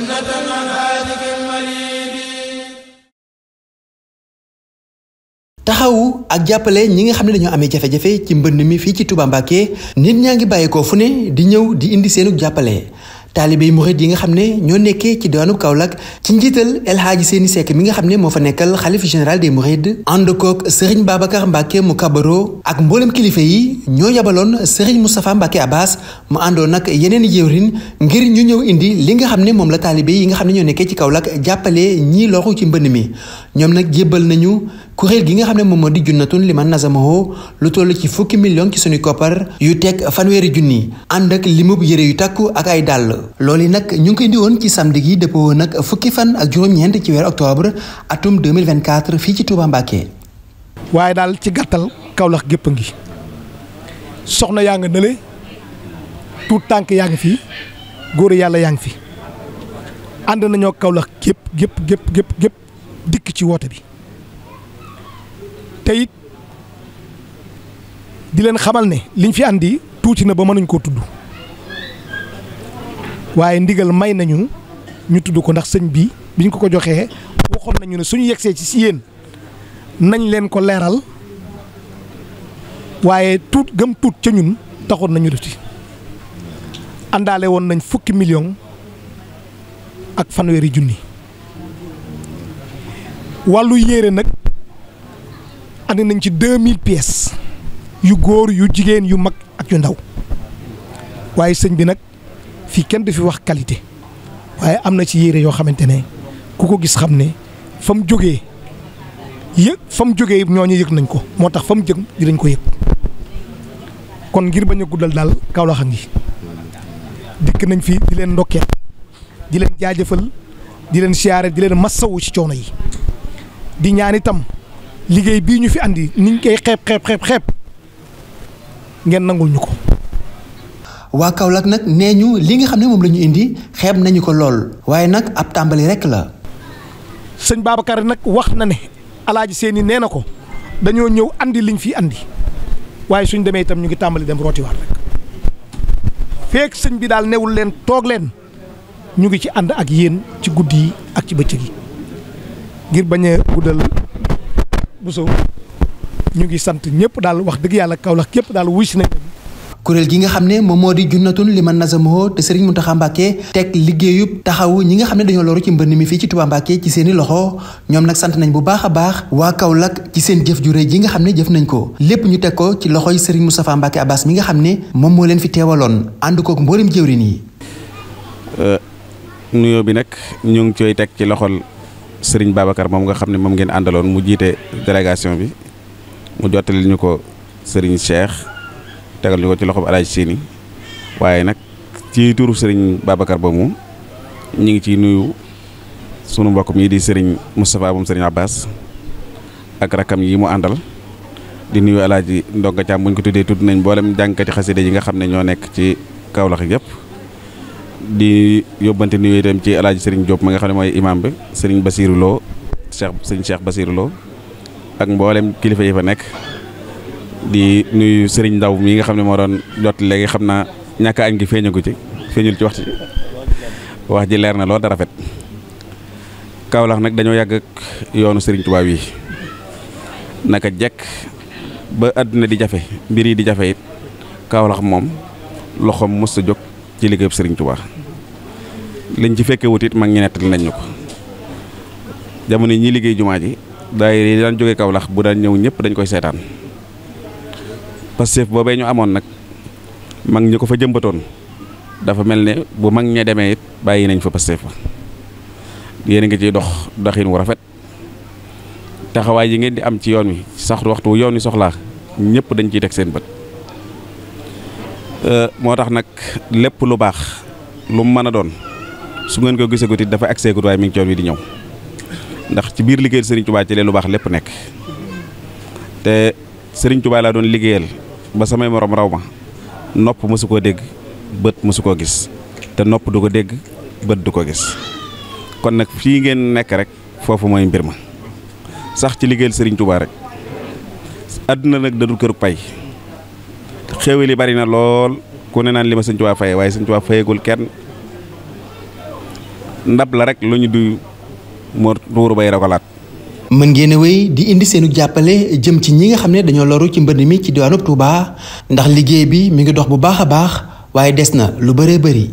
sunnata taxawu ak jàppale ñi nga xam ne dañoo amee jafe-jafe ci mbënd mi fii ci Touba Mbacké nit ñaa ngi bàyyeekoo fu ne di ñëw di indi seenu jàppale taalibey murit yi nga xam ne ñoo nekkee ci diwaanu Kaolack ci njiital El Hadji seeni Seck mi nga xam ne moo fa nekkal xalif général des mourides ànd koog Serigne Babacar Mbacke mu kabaro ak mbooleem kilifa yi ñoo yabaloon Serigne Moustapha Mbacke Abbas mu àndoon nag yeneen jëwrin ngir ñu ñëw indi li nga xam ne moom la taalibé yi nga xam ne ñoo nekkee ci Kaolack jàppale ñii loxu ci mbënn mi ñoom nag jébbal nañu kuréel gi nga xam ne moom moo di junnatun liman nazamaho lu toll ci fukki million ci suñu koppar yu tek teg fanweeri junni ànd ak limub yére yu takku ak ay dàll loolu nag ñu ngi ko indi woon ci samedi gi dëppoo nag fukki fan ak juróom-ñeent ci weer octobre atum 2024 fii ci Touba Mbacké waaye daal ci gàttal Kaolack gépp a ngi soxna yaa nga nële tuut tànk yaa ngi fii góor yàlla yaa ngi fi ànd nañoo kawlax gépp gépp gépp gépp gépp dikk ci woote bi te di leen xamal ne liñ fi àndi tuuti na ba mënuñ koo tudd waaye ndigal may nañu ñu tudd ko ndax sëñ bi biñ ko ko joxee waxoon nañu ne suñu yegsee ci si yéen nañ leen ko leeral waaye tuut gëm tuut ca ñun taxoon nañu def ci àndaale woon nañ fukki million ak fanweeri junni wàllu yéere nag. andi nañ ci 2000 pièces yu góor yu jigéen yu mag ak yu ndaw waaye sëñ bi nag fii kenn du fi wax qualité waaye am na ci yére yoo xamante ne ku ko gis xam ne fa mu jógee yëg fa mu jógee ñooñu yëg nañ ko moo tax fa mu jëm lañ ko yëg kon ngir bañ guddal daal Kaolack a ngi dikk nañ fi di leen ndokkeel di leen jaajëfal di leen siyaare di leen massawu ci coono yi di ñaan itam liggéey bii ñu fi andi niñ koy xepp xeeb xeeb ngeen nangul ñu ko. waa kaw Kaolack nag nee ñu li nga xam ne moom lañu indi xeeb nañu ko lool waaye nag ab tàmbali rek la. sëñ Babacar nag wax na ne alaaji seeni nee na ko dañoo ñëw indi liñ fi andi waaye suñ demee itam ñu ngi tàmbali dem rootiwaat rek feek sëñ bi daal newul leen toog leen ñu ngi ci ànd ak yéen ci guddi yi ak ci bëccëg yi ngir bañ a guddal. Bousso ñu ngi sant ñëpp daal wax dëgg yàlla kawlax képp daal wuy si nañ kuréel gi nga xam ne moom moo di junnatun liman nazamoo te Serigne Mountakha Mbacké teg liggéeyub taxawu ñi nga xam ne dañoo loru ci mbënn mi fii ci Touba Mbacké ci seen loxo ñoom nag sant nañ bu baax a baax waa Kaolack ci seen jëf ju ji nga xam ne jëf nañ ko lépp ñu teg ko ci loxoy Serigne Moustapha Mbacké Abbas mi nga xam ne moom moo leen fi teewaloon ànd kook mboolem jëwrin yi euh, nuyoo bi nag ñu ngi cooy teg ci loxol sëriñ Babacar moom nga xam ne moom ngeen àndaloon mu jiite délégation bi mu jottali ñu ko sëriñ Cheikh tegal ñu ko ci loxob alaaj Sini waaye nag ci turu sëriñ Babacar ba moom ñu ngi ciy nuyu sunu mbokk mi di sëriñ Moustapha moom sëriñ Abbas ak rakam yi mu àndal di nuyu alaaji Ndonga Caam bu ñu ko tuddee tudd nañ mboolem jàngkati xaside yi nga xam ne ñoo nekk ci Kaolack yëpp. di yóbbante nuyu itam ci alaaji Serigne Diop ma nga xam ne mooy imam bi Serigne Basirou Lo Cheikh Serigne Cheikh Basirou Lo ak mbooleem kilifa yi fa nekk di nuyu Serigne Ndaw mi nga xam ne moo doon jot léegi xam naa ñàkk añ gi feeñagu ci feeñul ci waxtu wax ji leer na lool dara rafet Kaolack nag dañoo yàgg yoonu Serigne Touba yi naka jekk ba àdduna di jafe mbir yi di jafe it moom loxoom mos a jóg ci liggéeyub Serigne Touba. liñ ci fekkee wut it mag ñi nettali nañ ñu ko jamono ñi liggéey jumaa ji daayira yi daan jóge Kawlax bu daan ñëw ñëpp dañ koy seetaan Pastef boobee ñu amoon nag mag ñi ko fa jëmbatoon dafa mel ne bu mag ñee demee it bàyyi nañ fa Pastef ba yéen a ngi ciy dox doxin wu rafet taxawaay yi ngeen di am ci yoon wi sax waxtu yoon wi soxlaa ñëpp dañ ciy teg seen bët euh, moo tax nag lépp lu baax lu mën a doon. su ngeen ko gisagut it dafa agseegut waaye mi ngi coon wi di ñëw ndax ci biir liggéeyal Serigne Touba ci lee lu baax lépp nekk te Serigne Touba laa doon liggéeyal ba samay moroom raw ma nopp mësu koo dégg bët mësu koo gis te nopp du ko dégg bët du ko gis kon nag fii ngeen nekk rek foofu mooy mbir ma sax ci liggéeyal sëriñ Touba rek àdduna nag dadul kërug pay xéewal bari na lool ku ne naan li ma Serigne Touba faye waaye Serigne Touba kenn ndab la rek lu ñu duy moo tuuru bay ragalaat mën ngeen a di indi seenu jàppale jëm ci ñi nga xam ne dañoo loru ci mbënd mi ci diwaanub Touba ndax liggéey bi mi ngi dox bu baax a baax waaye des na lu bëree bari